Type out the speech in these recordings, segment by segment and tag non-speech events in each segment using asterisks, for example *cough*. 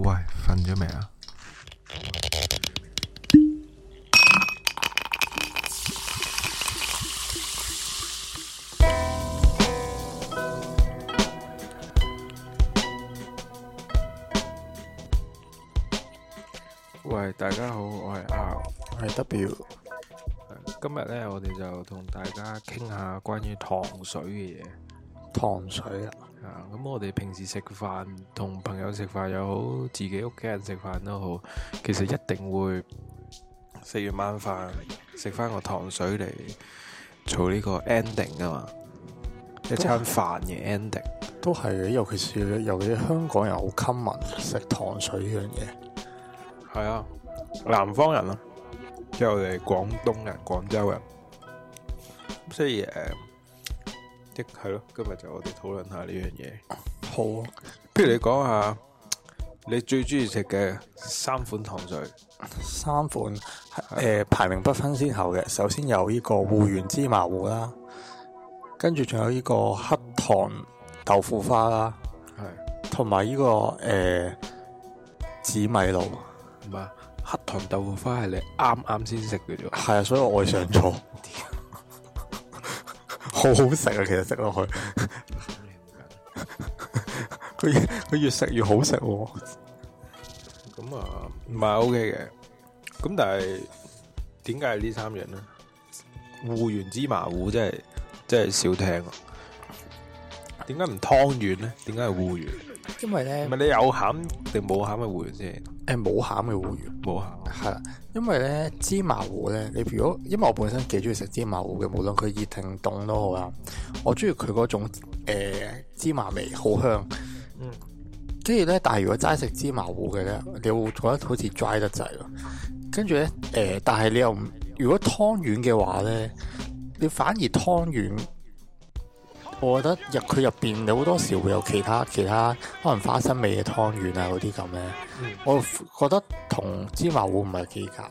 喂，瞓咗未啊？喂，大家好，我係 R，我係 W。今日咧，我哋就同大家傾下關於糖水嘅嘢。糖水啊！咁、嗯、我哋平時食飯，同朋友食飯又好，自己屋企人食飯都好，其實一定會食完晚飯，食翻個糖水嚟,做呢個 ending 啊嘛，是一餐飯嘅 ending。都係嘅，尤其是尤其，是尤其是香港人好 common 食糖水呢樣嘢。係啊，南方人啦、啊，又嚟廣東人、廣州人，所以誒。係咯，今日就我哋討論下呢樣嘢。好，啊，不如你講下你最中意食嘅三款糖水。三款誒，呃、的排名不分先後嘅，首先有呢個芋圓芝麻糊啦，跟住仲有呢個黑糖豆腐花啦，係同埋呢個誒、呃、紫米露。唔係黑糖豆腐花係你啱啱先食嘅啫？係啊，所以我愛上咗。 *laughs* 好好食啊！其實食落去，佢佢越食越好食喎。咁啊，唔係 OK 嘅。咁但係點解係呢三樣咧？芋圓芝麻糊真係真係少聽啊！點解唔湯圓咧？點解係芋圓？因為咧，咪你有餡定冇餡嘅芋圓先？誒、呃，冇餡嘅芋圓，冇餡。係，因為咧，芝麻糊咧，你如果因為我本身幾中意食芝麻糊嘅，無論佢熱定凍都好啦，我中意佢嗰種誒、呃、芝麻味好香。嗯。跟住咧，但係如果齋食芝麻糊嘅咧，你會覺得好似 dry 得滯咯。跟住咧，誒、呃，但係你又唔如果湯圓嘅話咧，你反而湯圓。我覺得入佢入邊，你好多時會有其他其他可能花生味嘅湯圓啊嗰啲咁咧，嗯、我覺得同芝麻糊唔係幾夾，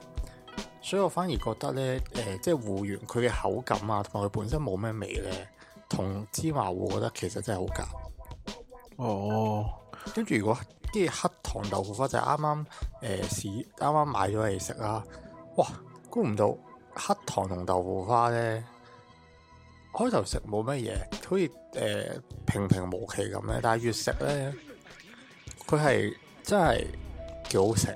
所以我反而覺得咧，誒、呃、即係芋圓佢嘅口感啊同埋佢本身冇咩味咧，同芝麻糊，我覺得其實真係好夾。哦，跟住如果啲黑糖豆腐花就啱啱誒試，啱、呃、啱買咗嚟食啦，哇，估唔到黑糖同豆腐花咧～開頭食冇乜嘢，好似誒平平無奇咁咧。嗯、但係越食咧，佢係真係幾好食。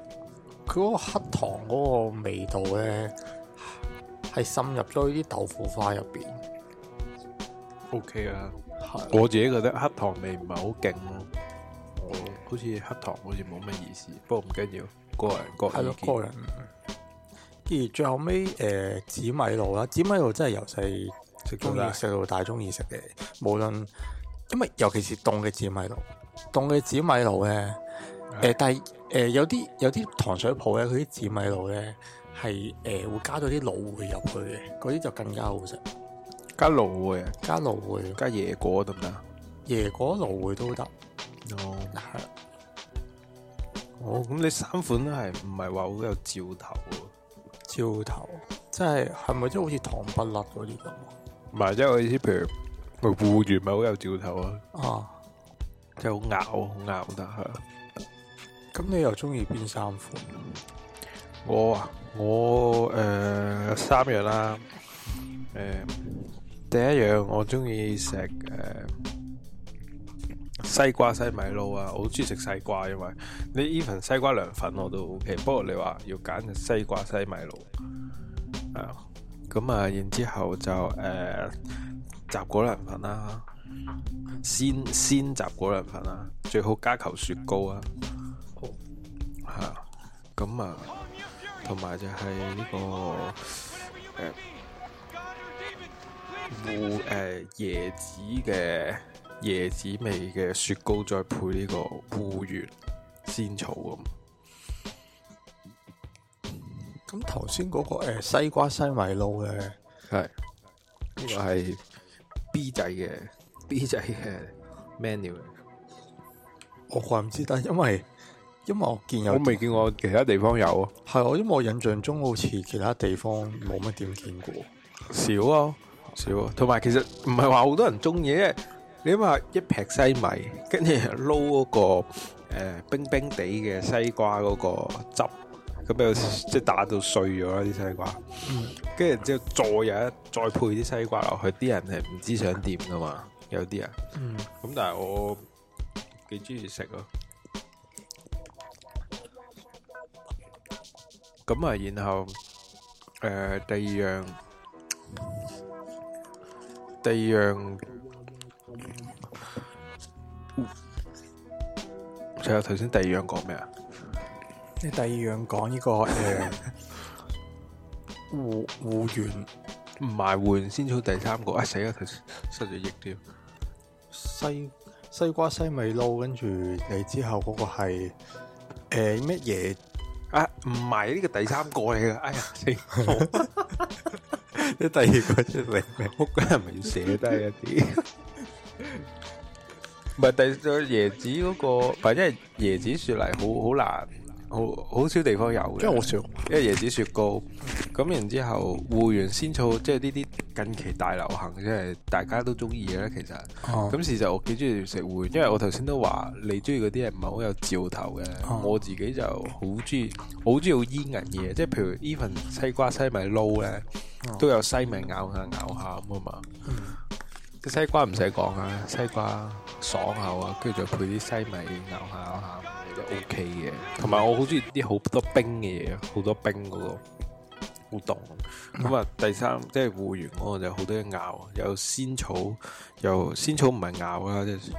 佢嗰個黑糖嗰個味道咧，係滲入咗呢啲豆腐花入邊。O K 啦，係我自己覺得黑糖味唔係、啊、好勁咯。好似黑糖好似冇乜意思，不過唔緊要，個人個人個人。跟住最後尾，誒、呃，紫米露啦，紫米露真係由細。中意食到大，中意食嘅，中意食嘅，無論，因為尤其是凍嘅紫米露，凍嘅紫米露咧，誒的、呃，但係誒、呃，有啲有啲糖水鋪咧，佢啲紫米露咧係誒，會加咗啲蘆薈入去嘅，嗰啲就更加好食。加蘆薈，加蘆薈，加椰果得唔得？椰果、蘆薈都得。哦、oh. 是，哦，咁你三款都係唔係話好有嚼頭？嚼頭，即係係咪即係好似糖不甩嗰啲咁？唔係，即係我意思，譬如芋圓咪好有嚼頭啊！哦，即係好咬，好咬得係。咁你又中意邊三款？我啊，我誒、呃、三樣啦。誒、呃，第一樣我中意食誒西瓜西米露啊！我好中意食西瓜，因為你 even 西瓜涼粉我都 OK，不過你話要揀西瓜西米露係啊。咁啊，然之後就誒雜果涼粉啦，鮮鮮雜果涼粉啦，最好加球雪糕、oh. 啊，嚇！咁啊，同埋 your 就係呢個誒椰子嘅椰子味嘅雪糕，再配呢個芋圓、仙草咁。咁頭先嗰個誒西瓜西米撈嘅係呢個係 B 仔嘅 B 仔嘅 menu，我怪唔知得，但係，因為因為我見有，我未見過其他地方有，係我因為我印象中好似其他地方冇乜點見過，少啊，少。同埋其實唔係話好多人中意，因為你諗下一劈西米，跟住撈嗰個誒冰冰地嘅西瓜嗰個汁。咁又即係打到碎咗啦啲西瓜，跟住之後再入，再配啲西瓜落去，啲人係唔知想點噶嘛？有啲人，咁但係我幾中意食咯。咁啊，然後誒，第二樣，第二樣，就係頭先第二樣講咩啊？你第二樣講呢個誒，芋芋圓唔係芋圓先做第三個啊！死啦，失咗憶添。西西瓜西米撈，跟住你之後嗰個係誒咩椰啊？唔係呢個第三個嚟噶，哎呀，死！即第二個出嚟，屋企係咪要寫低一啲？唔係第個椰子嗰個，反正係椰子雪梨，好好難。好，好少地方有嘅，因為我少，因為椰子雪糕。咁、嗯、然後之後芋圓仙草，即係呢啲近期大流行，即係大家都中意嘅咧。其實，咁、嗯、事實我幾中意食芋圓，因為我頭先都話你中意嗰啲係唔係好有嚼頭嘅。嗯、我自己就好中意，好中意煙韌嘢，即係譬如 even 西瓜西米撈咧，嗯、都有西米咬下咬下咁啊嘛。是是嗯、個西瓜唔使講啊，西瓜爽口啊，跟住再配啲西米咬下咬下。就 OK 嘅，同埋我好中意啲好多冰嘅嘢，好多冰嗰、嗰個好凍。咁啊，第三、嗯、即係芋圓嗰個就好多嘢咬，有鮮草，又鮮草唔係咬啊、就是，即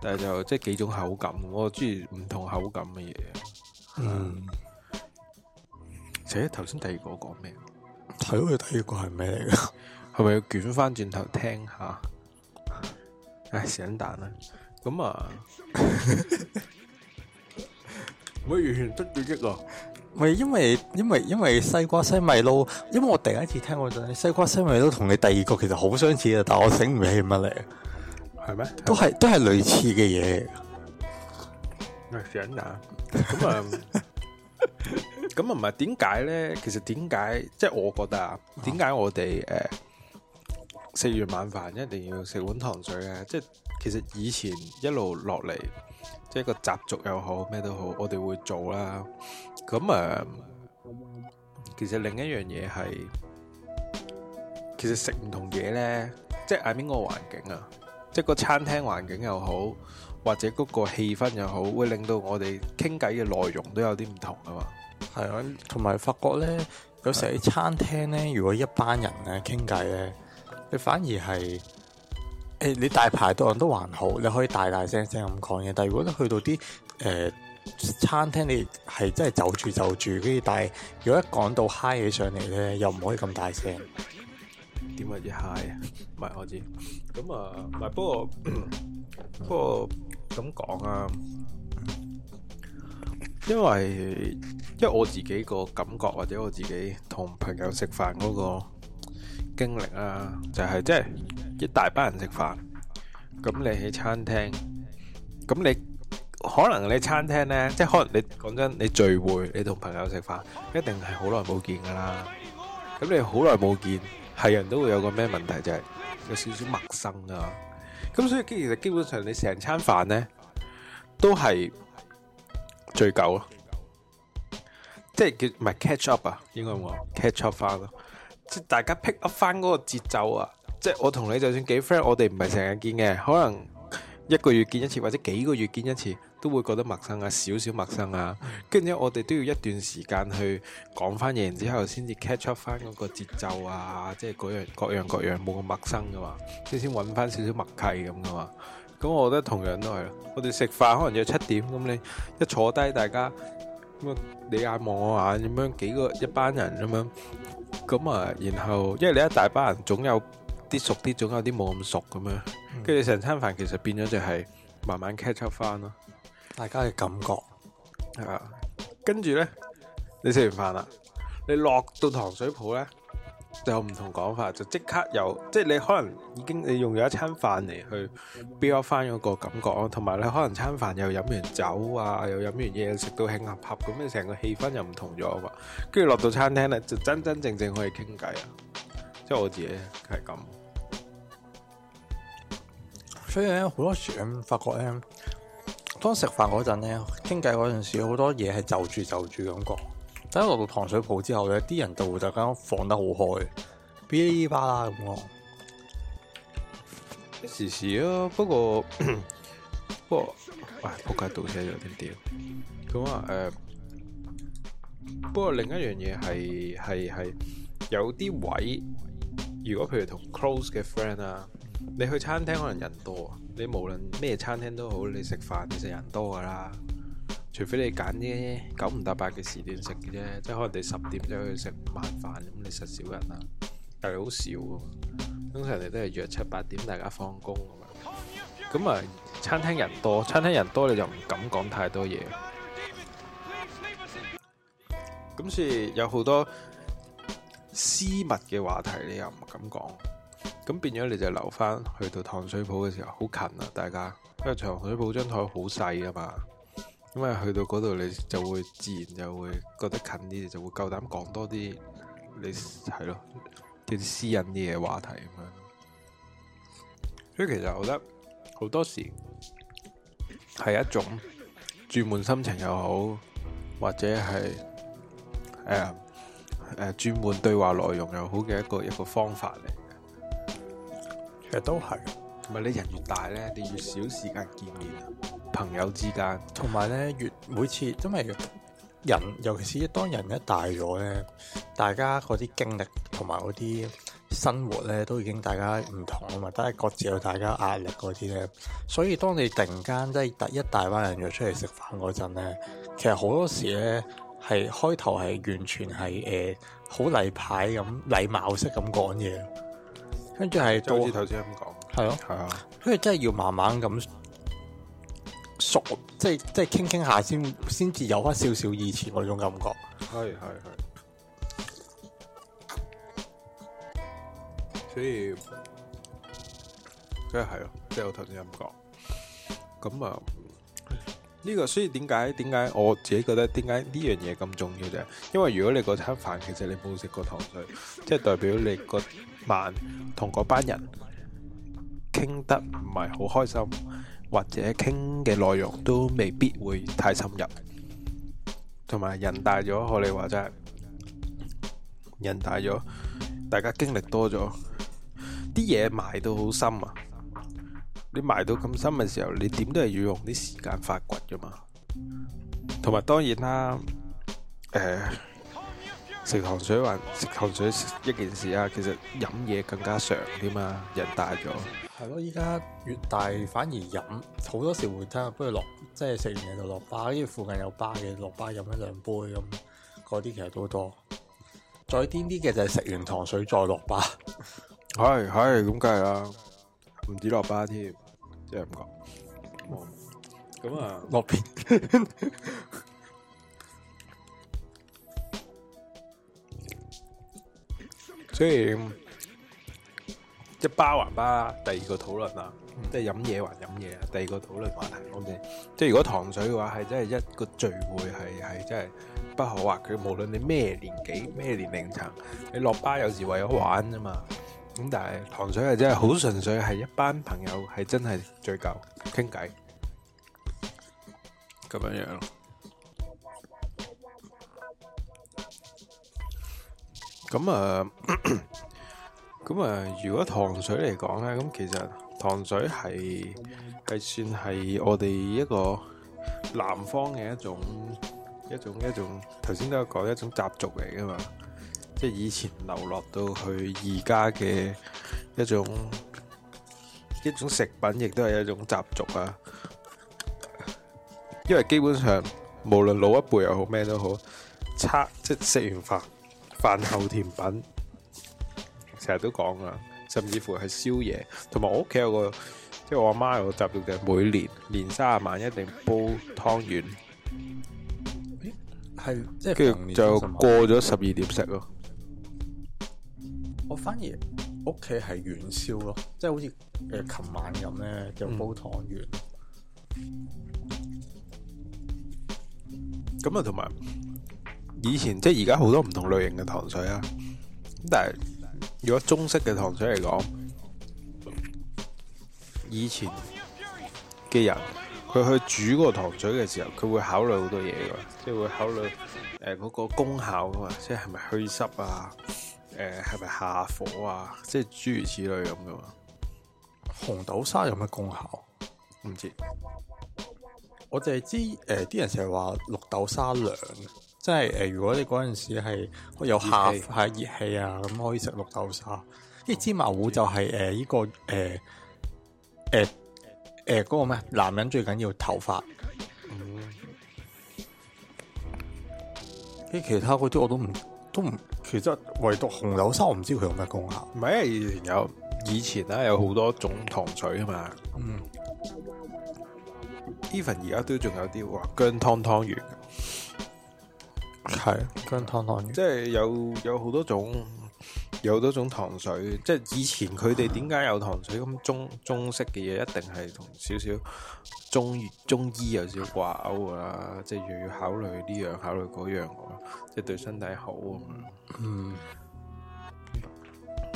但係就即係幾種口感，我中意唔同口感嘅嘢。嗯，且頭先第二個講咩？頭先第二個係咩？嚟？係咪要捲翻轉頭聽下？唉，醒蛋啊，咁啊。 *laughs* *laughs* 唔可以完全出對擊啊！唔係因為因為因為西瓜西米露，因為我第一次聽過就係西瓜西米露，同你第二個其實好相似啊，但係我醒唔起乜嚟，係咩？都係都係類似嘅嘢。咁啊咁啊，唔係點解咧？其實點解，即係我覺得啊，點解我哋誒食完晚飯一定要食碗糖水咧？即係其實以前一路落嚟。即係個習俗又好，咩都好，我哋會做啦。咁啊，其實另一樣嘢係，其實食唔同嘢咧，即係喺邊個環境啊，即係個餐廳環境又好，或者嗰個氣氛又好，會令到我哋傾偈嘅內容都有啲唔同啊嘛。係啊，同埋發覺咧，有時喺餐廳咧，如果一班人咧傾偈咧，你反而係。誒，hey，你大排檔都還好，你可以大大聲聲咁講嘢。但係如果你去到啲誒、呃、餐廳，你係真係就住就住，跟住但係如果一講到嗨起上嚟咧，又唔可以咁大聲。點啊？ *laughs* 啲嗨？啊？唔係我知。咁啊，唔係不過不過咁講啊，因為因為我自己個感覺或者我自己同朋友食飯嗰個經歷啊，就係即係。一大班人食飯，咁你喺餐廳，咁你可能你餐廳呢，即係可能你講真，你聚會你同朋友食飯，一定係好耐冇見噶啦。咁你好耐冇見，係人都會有個咩問題，就係有少少陌生啊。咁所以基其實基本上你成餐飯呢，都係聚舊咯，即係叫唔係 catch up 啊，應該我 catch up 翻咯，即係大家 pick up 翻嗰個節奏啊。即係我同你就算幾 friend，我哋唔係成日見嘅，可能一個月見一次或者幾個月見一次，都會覺得陌生啊，少少陌生啊。跟住我哋都要一段時間去講翻嘢，然之後先至 catch up 翻嗰個節奏啊，即係各樣各樣各樣冇咁陌生噶嘛，即先揾翻少少默契咁噶嘛。咁我覺得同樣都係咯，我哋食飯可能約七點，咁你一坐低大家咁啊，你眼望我眼咁樣，幾個一班人咁樣，咁啊然後因為你一大班人總有啲熟啲，總有啲冇咁熟咁樣，跟住成餐飯其實變咗就係慢慢 catch up 翻咯，大家嘅感覺係啊。跟住咧你食完飯啦，你落到糖水鋪咧就唔同講法，就即刻又即係你可能已經你用咗一餐飯嚟去 build 翻嗰個感覺咯，同埋你可能餐飯又飲完酒啊，又飲完嘢食到興洽洽咁，你成個氣氛又唔同咗啊嘛，跟住落到餐廳咧就真真正正可以傾偈啊，即係我自己係咁。所以咧，好多時發覺咧，當食飯嗰陣咧，傾偈嗰陣時，好多嘢係就住就住咁講。等到落到糖水鋪之後咧，啲人就會突然間放得好開，嗶哩吧啦咁講。 *music* *music* 時時咯、啊，不過 *coughs* 不過，唉、哎，仆街倒車咗點點。咁啊，誒、呃，不過另一樣嘢係係係有啲位，如果譬如同 close 嘅 friend 啊。你去餐廳可能人多，你無論咩餐廳都好，你食飯其實人多噶啦，除非你揀啲九唔搭八嘅時段食嘅啫，即係可能你十點就去食晚飯咁，你實少人啦，但係好少、啊，通常人哋都係約七八點大家放工咁啊。咁、嗯、啊，餐廳人多，嗯、餐廳人多你就唔敢講太多嘢，咁、嗯、所以有好多私密嘅話題你又唔敢講。咁變咗你就留翻去，去到糖水鋪嘅時候，好近啊！大家因為糖水鋪張台好細啊嘛，咁啊去到嗰度你就會自然就會覺得近啲，就會夠膽講多啲，你係咯，啲私隱啲嘅話題咁樣。所以其實我覺得好多時係一種轉換心情又好，或者係誒誒轉換對話內容又好嘅一個一個方法嚟。其實都係，你人越大咧，你越少時間見面，朋友之間，同埋咧越每次，因為人尤其是當人一大咗咧，大家嗰啲經歷同埋嗰啲生活咧，都已經大家唔同啊嘛，都係各自有大家壓力嗰啲咧，所以當你突然間即係一大班人約出嚟食飯嗰陣咧，其實好多時咧係開頭係完全係誒好例牌咁禮貌式咁講嘢。跟住係，即係我頭先咁講，係咯，係啊，因為、啊啊、真係要慢慢咁熟，即係即係傾傾下先，先至有翻少少以前嗰種感覺。係係係，所以，即係係啊，即係我頭先咁講。咁啊，呢個所以點解點解我自己覺得點解呢樣嘢咁重要啫？因為如果你嗰餐飯其實你冇食過糖水，即係代表你、個。 *laughs* 慢同嗰班人傾得唔係好開心，或者傾嘅內容都未必會太深入。同埋人大咗，我哋話真係人大咗，大家經歷多咗，啲嘢埋到好深啊！你埋到咁深嘅時候，你點都係要用啲時間發掘㗎嘛。同埋當然啦。食糖水還食糖水一件事啊，其實飲嘢更加常啲嘛，人大咗。係咯，依家越大反而飲好多時會聽，不如落即係食完嘢就落巴，跟住附近有巴嘅落巴飲一兩杯咁，嗰啲其實都多。再癲啲嘅就係食完糖水再落巴。係係， *laughs* *laughs* 咁梗係啦，唔止落巴添，即係咁講。咁啊，落片。 *laughs* 所以即係巴還巴，第二個討論啦，即係飲嘢還飲嘢啦，第二個討論話題。咁即係，即係如果糖水嘅話，係真係一個聚會，係係真係不可或缺。無論你咩年紀、咩年齡層，你落巴有時為咗玩啫嘛。咁但係糖水係真係好純粹，係一班朋友係真係聚舊傾偈咁樣樣。咁啊，咁啊，如果糖水嚟講咧，咁其實糖水係係算係我哋一個南方嘅一種一種一種，頭先都有講一種習俗嚟噶嘛，即係以前流落到去而家嘅一種一種食品，亦都係一種習俗啊。因為基本上無論老一輩又好咩都好，差即係食完飯。飯後甜品，成日都講啊，甚至乎係宵夜，同埋我屋企有個，即係我阿媽有個習俗，就每年年卅晚一定煲湯圓，係即係跟住就過咗十二點食咯。我反而屋企係元宵咯，即係好似誒琴晚咁咧就煲湯圓，咁啊同埋。以前即係而家好多唔同類型嘅糖水啊，但係如果中式嘅糖水嚟講，以前嘅人佢去煮個糖水嘅時候，佢會考慮好多嘢噶，即係會考慮誒嗰個功效噶嘛，即係係咪祛濕啊，誒係咪下火啊，即係諸如此類咁噶嘛。紅豆沙有乜功效？唔知，我淨係知誒，啲、呃、人成日話綠豆沙涼。即係誒，如果你嗰陣時係有下下熱氣啊，咁氣可以食綠豆沙。啲芝麻糊就係誒呢個誒誒誒個咩？男人最緊要頭髮。啲、嗯、其他嗰啲我都唔都唔，其實唯獨紅豆沙我唔知佢有咩功效。唔係以前有，以前咧有好多種糖水啊嘛。嗯，even 而家都仲有啲話薑湯湯圓。係姜糖糖，即係有有好多種，有好多種糖水。即係以前佢哋點解有糖水咁中、嗯、中式嘅嘢，一定係同少少中中醫有少掛鈎噶啦。嗯、即係要要考慮呢樣，考慮嗰樣即係對身體好啊嘛。嗯，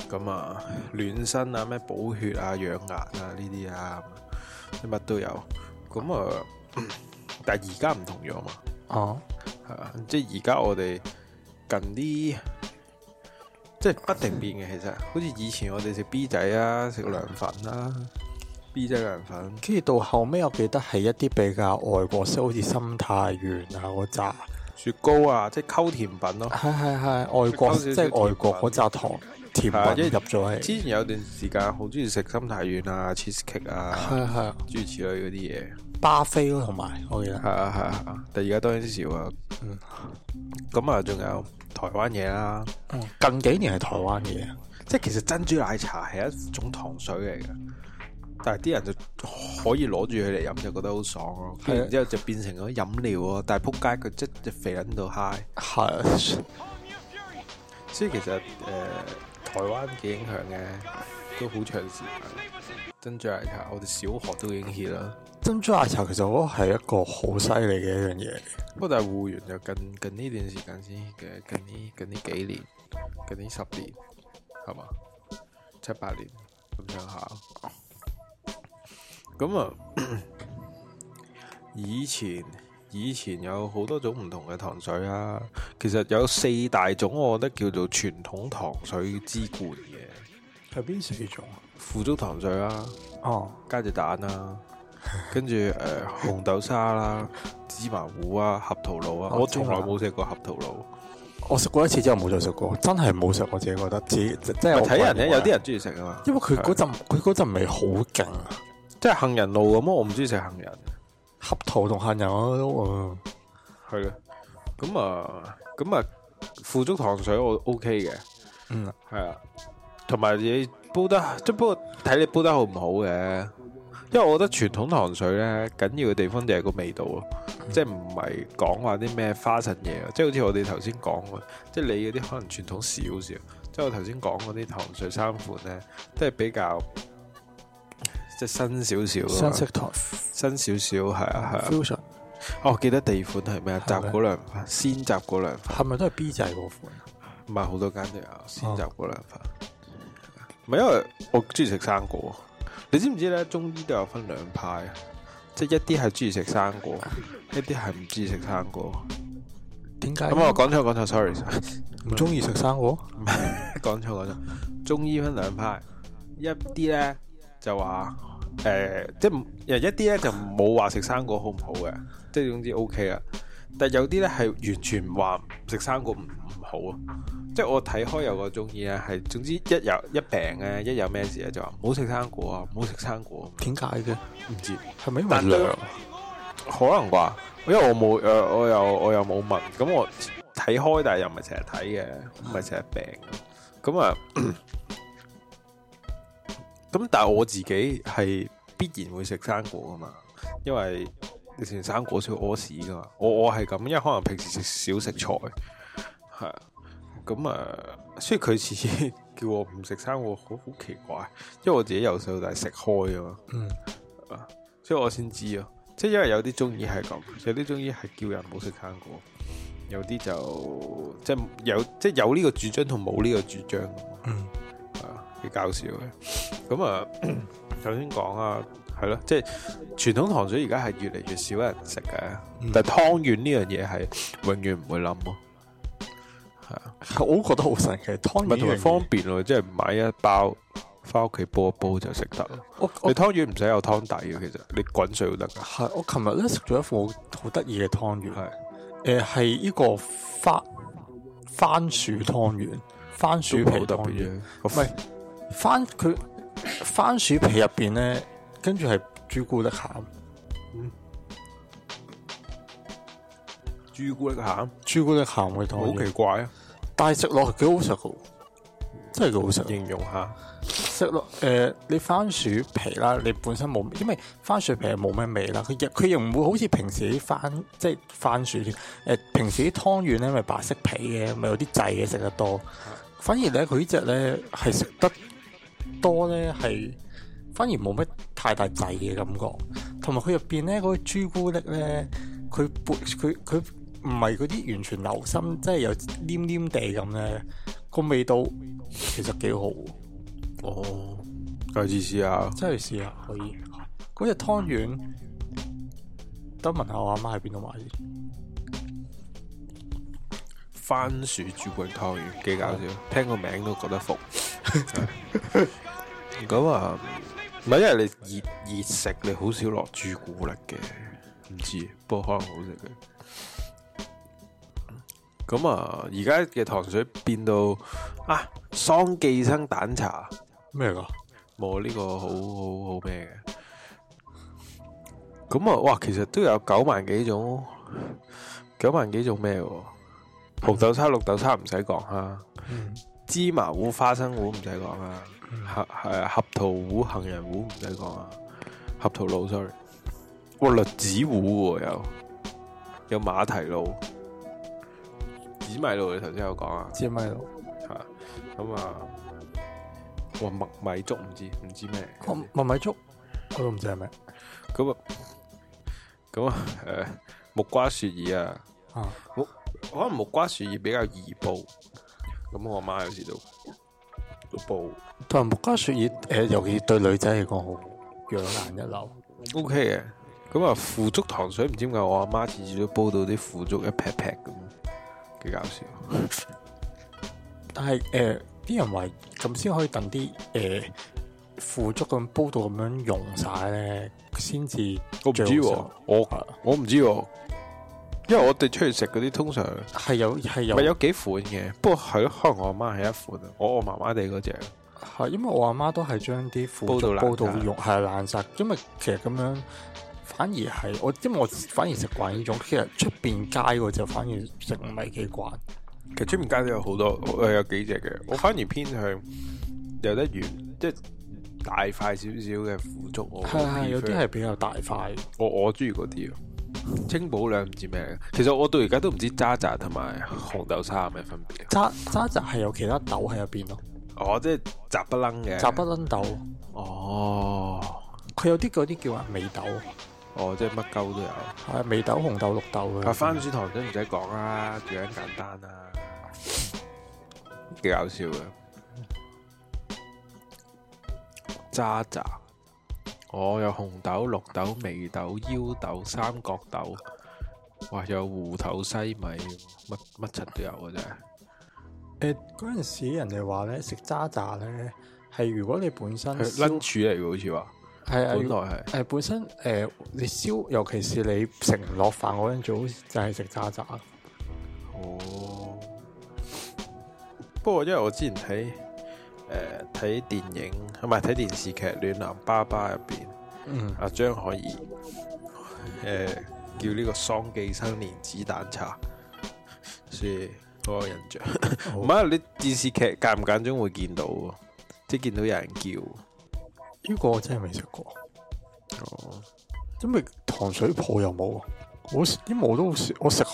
咁嗎、嗯、啊，嗯、暖身啊，咩補血啊，養顏啊呢啲啊，咩乜、啊、都有。咁啊，但係而家唔同樣啊。即係而家我哋近啲，即係不定變嘅。其實好似以前我哋食 B 仔啊，食涼粉啦、啊、B 仔涼粉。跟住到後尾，我記得係一啲比較外國式，好似心太軟啊嗰扎雪糕啊，即係溝甜品咯、啊。係係係外國，即係外國扎糖甜品，一是入咗去。之前有段時間好中意食心太軟啊、cheesecake 啊，係係諸如此類嗰啲嘢。巴菲咯、啊，同埋、啊，係啊係啊係啊，但而家當然少啊。嗯，咁啊，仲有台灣嘢啦、嗯。近幾年係台灣嘢，即係其實珍珠奶茶係一種糖水嚟嘅，但係啲人就可以攞住佢嚟飲，就覺得好爽咯。啊、然之後就變成咗飲料咯。但係仆街佢即係肥撚到嗨。係。所以其實誒、呃，台灣嘅影響嘅都好長時間。珍珠奶茶，我哋小學都已經 hit 啦。珍珠奶茶其實我覺得係一個好犀利嘅一樣嘢，不過但係芋圓就近近呢段時間先嘅，近呢近呢幾年，近呢十年，係嘛，七八年咁上下。咁、嗯、啊咳咳，以前以前有好多種唔同嘅糖水啊。其實有四大種，我覺得叫做傳統糖水之冠嘅。係邊四種啊？腐竹糖水啦，哦，加隻蛋啦，跟住誒紅豆沙啦、芝麻糊啊、合桃露啊。我從來冇食過合桃露，我食過一次之後冇再食過，真係冇食。我自己覺得，只即係睇人咧，有啲人中意食啊嘛。因為佢嗰陣佢嗰陣味好勁啊，即係杏仁露咁。我唔中意食杏仁合桃同杏仁啊，都啊，係啊。咁啊，咁啊，腐竹糖水我 OK 嘅，嗯，係啊。同埋你煲得，即不過睇你煲得好唔好嘅，因為我覺得傳統糖水咧，緊要嘅地方就係個味道咯，嗯，即係唔係講話啲咩花臣嘢，即係好似我哋頭先講，即係你嗰啲可能傳統少少，即係我頭先講嗰啲糖水三款咧，都係比較即係新少少，新式新少少係啊係啊。啊 Fusion 哦，記得第二款係咩啊？雜果涼粉，鮮雜果涼粉係咪都係 B 仔嗰款？唔係好多間都有鮮雜果涼粉。因為我中意食生果，你知唔知咧？中醫都有分兩派，即係一啲係中意食生果，一啲係唔中意食生果。點解？咁我講錯講錯，sorry。唔中意食生果，講 *laughs* 錯講錯。中醫分兩派，一啲咧就話誒、呃，即係一啲咧就冇話食生果好唔好嘅，即係總之 OK 啦。但有啲咧係完全話食生果唔，唔好啊。即係我睇開有個中醫咧，係總之一有一病咧，一有咩事咧就話唔好食生果啊，唔好食生果啊。點解嘅？唔知係咪因為涼？可能啩？因為我冇誒、呃，我又我又冇問。咁我睇開，但係又唔係成日睇嘅，唔係成日病。咁啊，咁 *coughs* 但係我自己係必然會食生果噶嘛，因為。食生果少屙屎噶嘛？我我係咁，因為可能平時吃小食少食菜，係啊，咁啊，所以佢次次叫我唔食生果，好好奇怪。因為我自己由細到大食開噶嘛，嗯，所以我先知啊。即係因為有啲中醫係咁，有啲中醫係叫人唔食生果，有啲就即係有即係有呢個主張同冇呢個主張噶嘛，嗯，係啊，幾搞笑嘅。咁啊。嗯首先講啊，係咯，即係傳統糖水而家係越嚟越少人食嘅，嗯、但係湯圓呢樣嘢係永遠唔會冧咯。係啊，我都覺得好神奇。湯圓同埋方便咯，即係買一包，翻屋企煲一煲就食得啦。你湯圓唔使有湯底嘅，其實你滾水都得㗎。係，我琴日咧食咗一份好得意嘅湯圓，係誒，係呢個番番薯湯圓，番薯好得意。唔番佢。番薯皮入邊咧，跟住係朱古力餡。嗯，朱古力餡，朱古力餡嘅同好奇怪啊！但係食落係幾好食嘅，嗯、真係幾好食。形容下食落，誒、呃，你番薯皮啦，你本身冇，因為番薯皮係冇咩味啦，佢亦佢亦唔會好似平時啲番，即係番薯，誒、呃，平時啲湯圓咧，咪白色皮嘅，咪有啲滯嘅食得多。反而咧，佢呢隻咧係食得。多咧，係反而冇乜太大滯嘅感覺，同埋佢入邊咧，嗰個朱古力咧，佢撥佢佢唔係嗰啲完全流心，即係有黏黏地咁咧，個味道其實幾好。哦，有意試下？真係試下可以。嗰隻湯圓，等、嗯、問下我阿媽喺邊度買？番薯朱古力湯圓幾搞笑，聽個名都覺得服。 *laughs* *laughs* 咁啊，唔係因為你熱熱食，你好少落朱古力嘅，唔知，不過可能好食嘅。咁啊，而家嘅糖水變到啊，桑寄生蛋茶咩？麼這個冇呢個好好好咩嘅？咁啊，哇，其實都有九萬幾種，九萬幾種咩？紅豆沙、綠豆沙唔使講啊，嗯、芝麻糊、花生糊唔使講啊。合係啊，合桃糊、杏仁糊唔使講啊，合桃露，sorry，哇，栗子糊喎，有馬蹄露，紫米露你頭先有講啊，紫米露，吓咁啊，哇，麥米粥唔知唔知咩，麥米粥我都唔知係咩？咁啊咁啊，誒、嗯嗯嗯嗯、木瓜雪耳啊，啊，可能木瓜雪耳比較易煲，咁我阿媽有時都。部同布木瓜雪耳誒、呃，尤其是對女仔嚟講好養顏一流，OK 嘅。咁啊腐竹糖水唔知點解我阿媽次次都煲到啲腐竹一劈劈咁，幾搞笑。但係誒，啲、呃、人話咁先可以等啲誒、呃、腐竹咁煲到咁樣溶晒咧，先至、嗯、我唔知喎、啊、我我唔知喎、啊。因為我哋出去食嗰啲通常係有係有，咪有，有幾款嘅。不過係可能我阿媽係一款，我我媽媽哋嗰隻係，因為我阿媽都係將啲腐竹煲到、腐竹肉係爛晒。因為其實咁樣反而係我，因為我反而食慣呢種。其實出邊街嗰隻反而食唔係幾慣。嗯、其實出邊街都有好多，有幾隻嘅。嗯、我反而偏向有得圓，即、就、係、是、大塊少少嘅腐竹。係係，有啲係比較大塊。我我中意嗰啲清補涼唔知咩，其實我到而家都唔知道渣渣同埋紅豆沙有咩分別。渣渣雜係有其他豆喺入邊咯。哦，即係雜不楞嘅，雜不楞豆。哦，佢有啲嗰啲叫啊眉豆。哦，即係乜鳩都有。係眉豆、紅豆、綠豆。啊，番薯糖都唔使講啦，最、嗯、簡單啦、啊，幾搞笑嘅渣渣。我、哦、有紅豆、綠豆、眉豆、腰豆、三角豆，話有芋頭、西米，乜乜柒都有嘅、啊、啫。誒，嗰陣、欸、時人哋話咧食渣渣咧，係如果你本身係燒嚟嘅，好似話係啊，本來係誒、啊呃、本身誒、呃，你燒，尤其是你食唔落飯嗰陣最好就係、是、食渣渣。哦，不過因為我之前睇。誒，睇、呃、電影，唔係睇電視劇《暖男爸爸》入邊，嗯、阿張可怡，誒、呃、叫呢個桑寄生蓮子蛋茶，所以好、嗯、 *laughs* 有印象。唔係 *laughs* 你電視劇間唔間中會見到，即係見到有人叫，呢個我真係未食過。哦，咁咪糖水鋪又冇，我食，因為我都好少，我食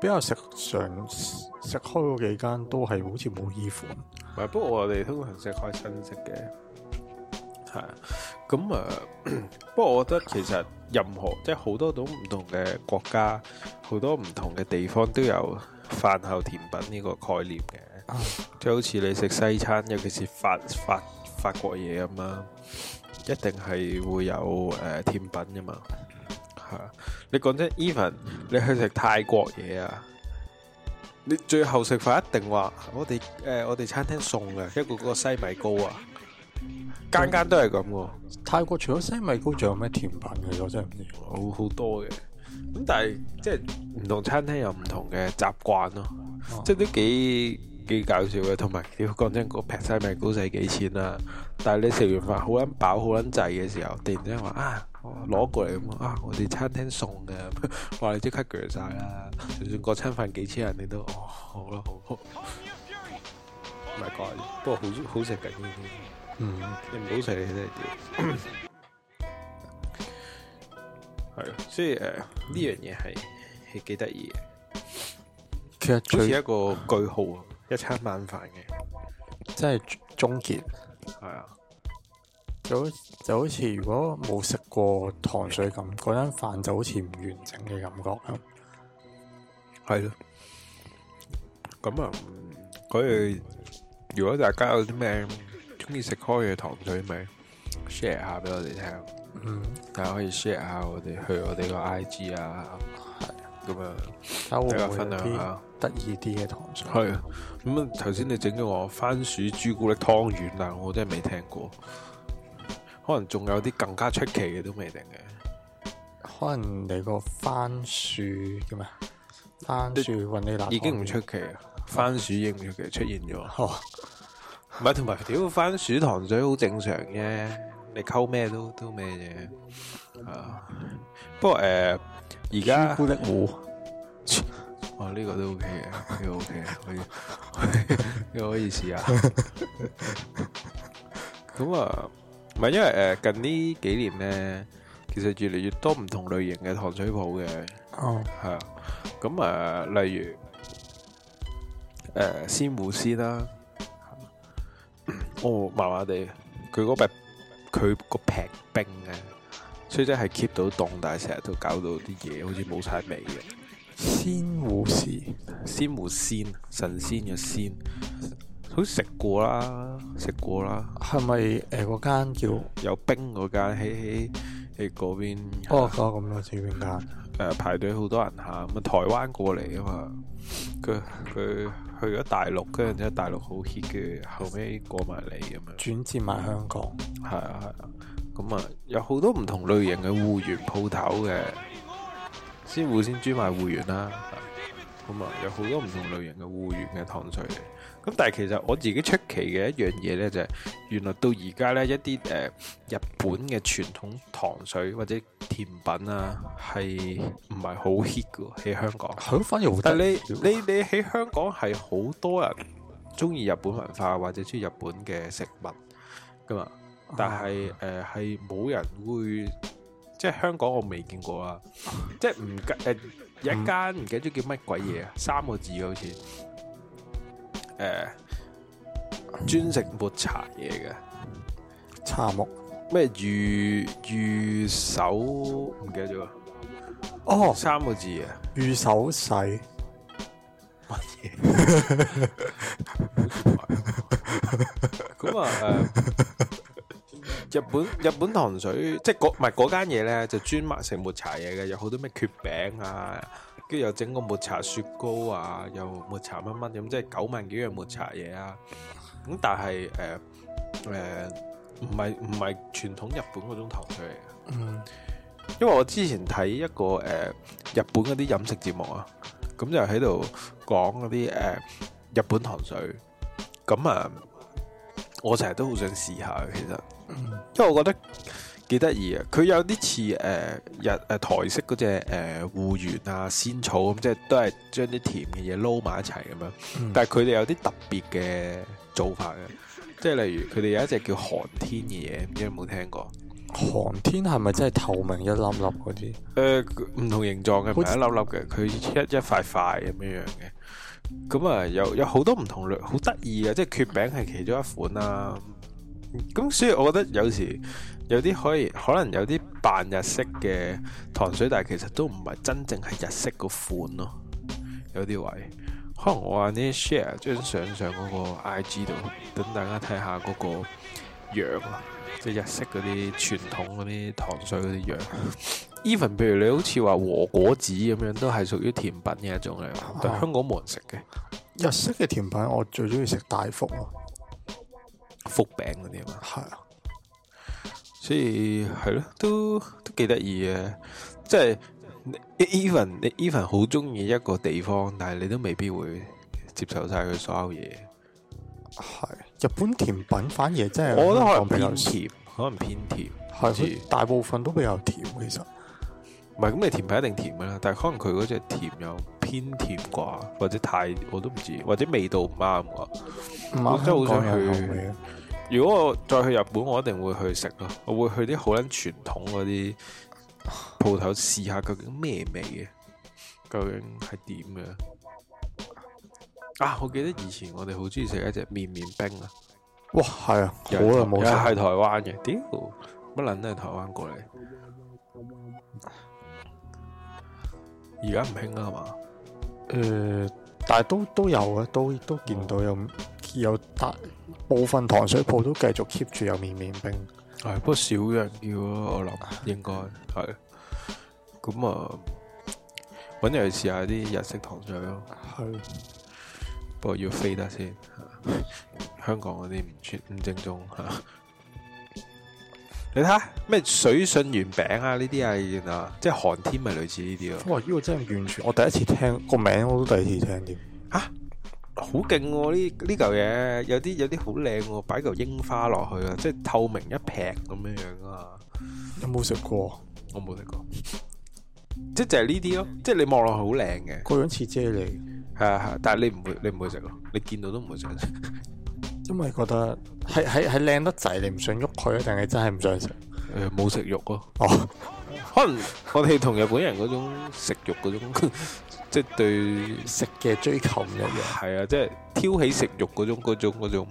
比較食常食開嗰幾間都係好似冇衣款。不過我哋通常食開新式嘅，係咁啊， *coughs* 不過我覺得其實任何即係好多種唔同嘅國家，好多唔同嘅地方都有飯後甜品呢個概念嘅。即 *coughs* 好似你食西餐，尤其是法法法國嘢咁啦，一定係會有誒、呃、甜品㗎嘛。係啊，你講真，even 你去食泰國嘢啊？你最後食飯一定話我哋誒、呃，我哋餐廳送嘅一個嗰個西米糕啊，間間都係咁嘅。泰國除咗西米糕，仲有咩甜品嚟？我真係唔知，好好多嘅。咁但係即係唔同餐廳有唔同嘅習慣咯、啊，哦、即係都幾幾搞笑嘅。同埋你要講真個劈西米糕使幾錢啊？但係你食完飯好撚飽，好撚滯嘅時候，突然之間話啊～攞、哦、過嚟咁啊！我哋餐廳送嘅，話你即刻鋸晒啦！就算嗰餐飯幾千人，你都哦好啦，好唔係講，My God, 不過好好食嘅，嗯，你唔好食你真係屌，係咯， *coughs* 所以誒呢、呃嗯、樣嘢係係幾得意嘅，的其實好似一個句號， *laughs* 一餐晚飯嘅，真係終結，係啊。就，就好就好似如果冇食過糖水咁，嗰餐飯就好似唔完整嘅感覺咯。係咯，咁啊、嗯、可以。如果大家有啲咩中意食開嘅糖水，咪 share 下俾我哋聽。嗯，大家可以 share 下我哋去我哋個 IG 啊，係咁啊。大家分享下得意啲嘅糖水。係咁啊！頭先你整咗我番薯朱古力湯圓，但我真係未聽過。可能仲有啲更加出奇嘅都未定嘅。可能你個番薯叫咩？番薯揾啲藍，你已經唔出奇啊！番薯已經唔出奇出現咗，唔係同埋屌番薯糖水好正常嘅，你溝咩都都咩嘢？啊。不過誒，而家朱古力壺，哇呢、這個都 OK 嘅，幾 OK 嘅，可以，幾有意思啊。咁啊。唔係因為誒、呃、近呢幾年咧，其實越嚟越多唔同類型嘅糖水鋪嘅，係啊、哦，咁啊、呃，例如誒、呃、鮮芋仙啦，哦，麻麻地，佢嗰個佢個劈冰嘅、啊，所以真係 keep 到凍，但係成日都搞到啲嘢好似冇晒味嘅。鮮鮮鮮芋絲，鮮芋仙，神仙嘅仙。都食過啦，食過啦。係咪誒，嗰 *noise* 間、呃、叫有冰嗰間喺喺喺嗰邊？嘿嘿那邊哦，咁多次邊間。誒、呃，排隊好多人吓，咁啊台灣過嚟啊嘛，佢佢去咗大陸，跟住咧大陸好 hit 嘅，後尾過埋嚟咁樣。轉戰埋香港，係啊係啊。咁啊,、嗯、啊，有好多唔同類型嘅芋圓鋪頭嘅，先會先專賣店，芋圓啦。咁 *noise* 啊,、嗯、啊，有好多唔同類型嘅芋圓嘅糖水。咁但係其實我自己出奇嘅一樣嘢咧，就係原來到而家咧一啲誒日本嘅傳統糖水或者甜品啊，係唔係好 hit 嘅喺香港？係反而好，但係你你你喺香港係好多人中意日本文化或者中意日本嘅食物噶嘛？但係誒係冇人會即係香港我未見過啊！即係唔誒有一間唔記得咗叫乜鬼嘢啊？三個字好似。誒，專食抹茶嘢嘅，茶木咩？御御手唔記得咗啦，哦，三個字啊，御手洗乜嘢？咁啊，誒，日本日本糖水，即係嗰唔係嗰間嘢咧，就專賣食抹茶嘢嘅，有好多咩缺餅啊。跟住又整個抹茶雪糕啊，又抹茶乜乜咁，即係九萬幾樣抹茶嘢啊！咁但係誒誒，唔係唔係傳統日本嗰種糖水嚟嘅。嗯，因為我之前睇一個誒、呃、日本嗰啲飲食節目啊，咁就喺度講嗰啲誒日本糖水。咁啊，我成日都好想試下其實，嗯、因為我覺得。幾得意啊！佢有啲似誒日誒、呃、台式嗰隻誒芋圓啊、仙草咁，即係都係將啲甜嘅嘢撈埋一齊咁樣。嗯、但係佢哋有啲特別嘅做法嘅，即係例如佢哋有一隻叫寒天嘅嘢，唔知你有冇聽過？寒天係咪真係透明一粒粒嗰啲？誒、呃，唔同形狀嘅，唔係一粒粒嘅，佢像一一塊塊咁樣嘅。咁啊，有有好多唔同類，好得意啊！即係蕨餅係其中一款啦、啊。咁、嗯、所以我覺得有時有啲可以可能有啲扮日式嘅糖水，但係其實都唔係真正係日式個款咯有啲位可能我話呢 share 張相上嗰個 I G 度，等大家睇下嗰個樣啊，即係日式嗰啲傳統嗰啲糖水嗰啲樣。 *laughs* even 譬如你好似話和果子咁樣，都係屬於甜品嘅一種嚟。啊、是香港冇人食嘅日式嘅甜品，我最中意食大福咯福餅嗰啲啊，係，所以係咯、啊，都都幾得意嘅，即係 even 你 even 好中意一個地方，但係你都未必會接受晒佢所有嘢，係、啊。日本甜品反而真係，我覺得可能比較甜，可能偏甜，係、啊，所以大部分都比較甜其實。唔係咁，你甜品一定甜嘅啦，但係可能佢嗰隻甜又偏甜啩，或者太我都唔知，或者味道唔啱啩。行我真係好想去！如果我再去日本，我一定會去食咯。我會去啲好撚傳統嗰啲鋪頭試下究竟咩味嘅，究竟係點嘅。啊！我記得以前我哋好鍾意食一隻綿綿冰啊！哇，係啊，好耐冇，有有又係台灣嘅。屌有，乜撚都係台灣過嚟。而家唔興啦，係嘛？誒、呃，但係都都有嘅，都都見到有、哦、有大部分糖水鋪都繼續 keep 住有綿綿冰，係 *laughs* 不過少人要咯，我諗應該係。咁啊， *laughs* 揾嚟試下啲日式糖水咯。係是，不過要飛得先， *laughs* 香港嗰啲唔唔正宗嚇。你睇下咩水信圓餅啊？呢啲啊，即係寒天咪類似呢啲咯。哇！呢個真係完全，我第一次聽個名，我都第一次聽添。吓，好勁喎！呢呢嚿嘢有啲有啲好靚喎，擺嚿櫻花落去啊，即係透明一劈咁樣樣啊。有冇食過？我冇食過，即係就係呢啲咯。即係你望落去好靚嘅，個樣似啫喱，係啊係。但係你唔會你唔會食咯，你見到都唔會食。因為覺得係係係靚得滯，你唔想喐佢、呃、啊？定係真係唔想食？誒，冇食肉咯。哦，可能我哋同日本人嗰種食肉嗰種， *laughs* 即係對食嘅追求唔一樣。係啊，即、就、係、是、挑起食肉嗰種嗰種嗰種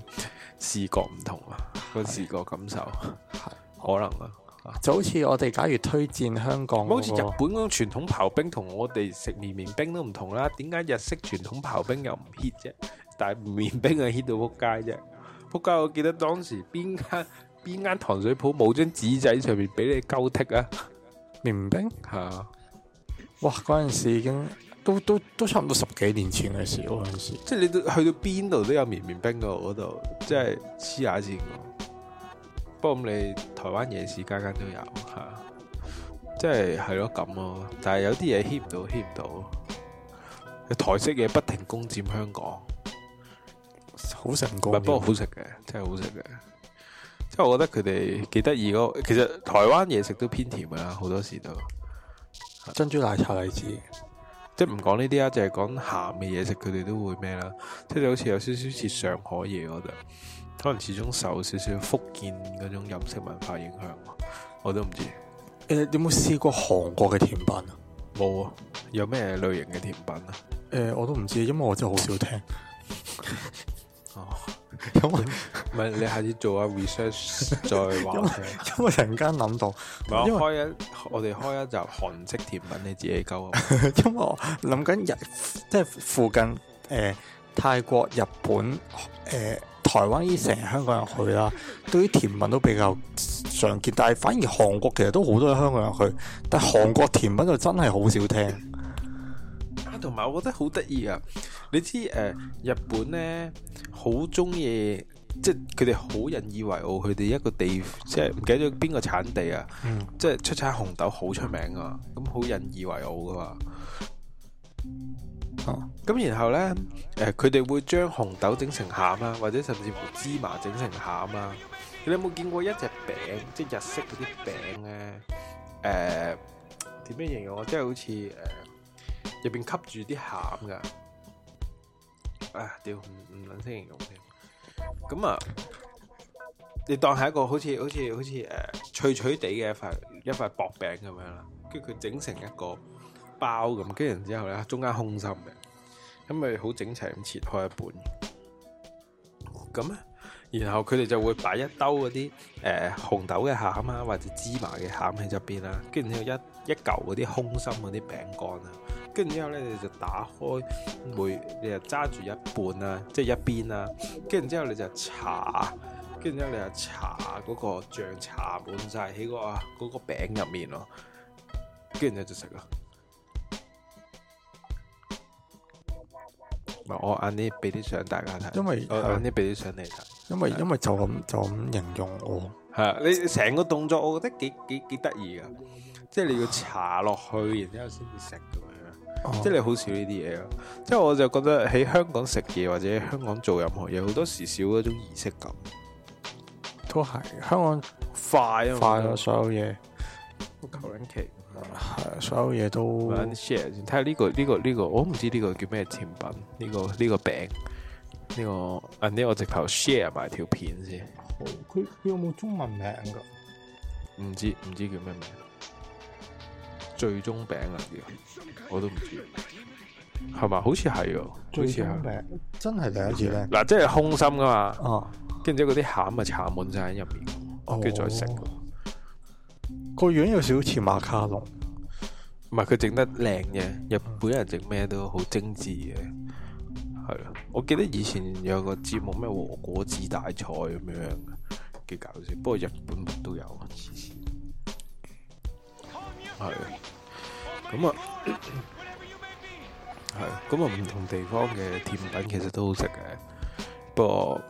視覺唔同啊，個的視覺感受。係的可能啊，就好似我哋假如推薦香港、那個，好似日本嗰種傳統刨冰同我哋食綿綿冰都唔同啦。點解日式傳統刨冰又唔 hit 啫？但係綿綿冰啊，牽到撲街啫。撲街，我記得當時邊間邊間糖水鋪冇張紙仔上面俾你鳩剔啊。綿綿冰係啊，哇！嗰陣時已經都都都差唔多十幾年前嘅事。嗰陣兵時即係你都去到邊度都有綿綿冰噶嗰度，即係黐下線。不過咁，你台灣夜市間間都有吓，即係係咯咁咯。但係有啲嘢 hit 唔到，hit 唔到。到台式嘢不停攻占香港。好食唔不過不好食嘅，真係好食嘅。即係我覺得佢哋幾得意咯。其實台灣嘢食都偏甜噶啦，好多時都珍珠奶茶、荔枝，即係唔講呢啲啊，就係講鹹嘅嘢食，佢哋都會咩啦。即係好似有少少似上海嘢，我覺得可能始終受少少福建嗰種飲食文化影響，我都唔知誒。欸、有冇試過韓國嘅甜品啊？冇啊。有咩類型嘅甜品啊？誒、欸，我都唔知，因為我真係好少聽。 *laughs* 哦，咁咪為為你下次做下 research 再話。因為突然間諗到，唔係我開一，為我哋開一集韓式甜品，你自己夠。因為我諗緊日，即係附近誒、呃、泰國、日本、誒、呃、台灣呢成香港人去啦，的對於甜品都比較常見，但係反而韓國其實都好多香港人去，但係韓國甜品就真係好少聽。 *laughs* 同埋我覺得好得意啊！你知誒、呃，日本呢，好中意，即係佢哋好引以為傲，佢哋一個地，即係唔記得咗邊個產地啊！嗯、即係出產紅豆好出名啊，咁好引以為傲㗎嘛、啊。咁、啊、然後呢，誒、呃，佢哋會將紅豆整成餡啊，或者甚至乎芝麻整成餡啊。你有冇見過一隻餅，即係日式嗰啲餅呢？誒、呃，點樣形容啊？即、就、係、是、好似誒。呃入邊吸住啲餡噶。哎，屌唔唔卵星形容添。咁啊,你當係一個好似好似好似誒脆脆地嘅一塊一塊薄餅咁樣啦，跟住佢整成一個包咁，跟住然之後咧中間空心嘅，咁咪好整齊咁切開一半。咁咧，然後佢哋就會擺一兜嗰啲誒紅豆嘅餡啊，或者芝麻嘅餡喺側邊啦，跟住然之後一一嚿嗰啲空心嗰啲餅乾啊。跟住之後咧，你就打開每你又揸住一半啦，即係一邊啦。跟住之後你就搽，跟住之後你又搽嗰個醬，搽滿晒喺個嗰個餅入面咯。跟住就食咯。唔係我晏啲俾啲相大家睇，因為我晏啲俾啲相你睇，因為因為就咁就咁形容我係啊。你成個動作我覺得幾幾幾得意噶，即係你要搽落去，然之後先至食。Oh. 即係你好少呢啲嘢啦，即係我就覺得喺香港食嘢或者香港做任何嘢，好多時少一種儀式感。都係香港快啊，快咯所有嘢。求其係，所有嘢都。share 先，睇下呢個呢個呢個，我唔知呢個叫咩甜品，呢個呢個餅，呢個，我呢個直頭 share 埋條片先。好，佢佢有冇中文名噶？唔知唔知叫咩名？最終餅啊叫。我都唔知，係嘛？好似係哦，好似係，真係第一次咧。嗱、啊，即係空心噶嘛，跟住之後嗰啲餡咪搽滿晒喺入面，跟住、哦、再食。個樣有少少似馬卡龍，唔係佢整得靚嘅，日本人整咩都好精致嘅。係啊，我記得以前有個節目咩和菓子大賽咁樣嘅，幾搞笑。不過日本都有啊，次次。係。咁啊，係那，咁啊唔同地方嘅甜品其實都好食嘅，不過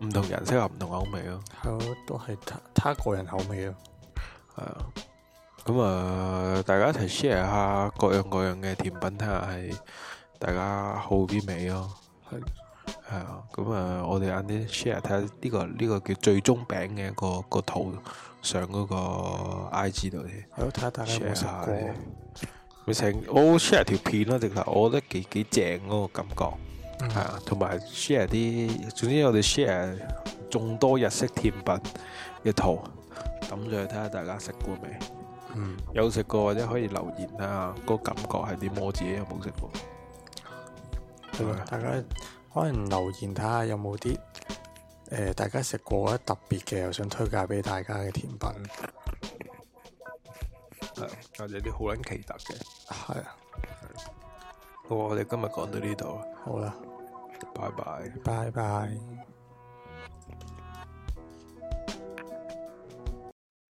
唔同人適合唔同口味咯。係，都係他他個人口味咯。係啊，咁啊、呃，大家一齊 share 下各樣各樣嘅甜品，睇下係大家好啲味咯。係的，係啊，咁啊、呃，我哋晏啲 share 睇下呢、這個呢、這個叫最終餅嘅一個個圖上嗰個 I G 度先。係咯，睇下大家有冇食過。我成我 share 條片咯，直頭，我覺得幾幾正嗰個感覺，吓，同埋 share 啲，總之我哋 share 眾多日式甜品嘅圖，咁就去睇下大家食過未？嗯，有食過或者可以留言啊，個感覺係點？我自己有冇食過，係咪？大家可能留言睇下有冇啲，誒，大家食過咧特別嘅，又想推介俾大家嘅甜品。或者啲好撚奇特嘅，係啊。啊好，我哋今日講到呢度啦。好啦了，拜拜 bye，拜拜。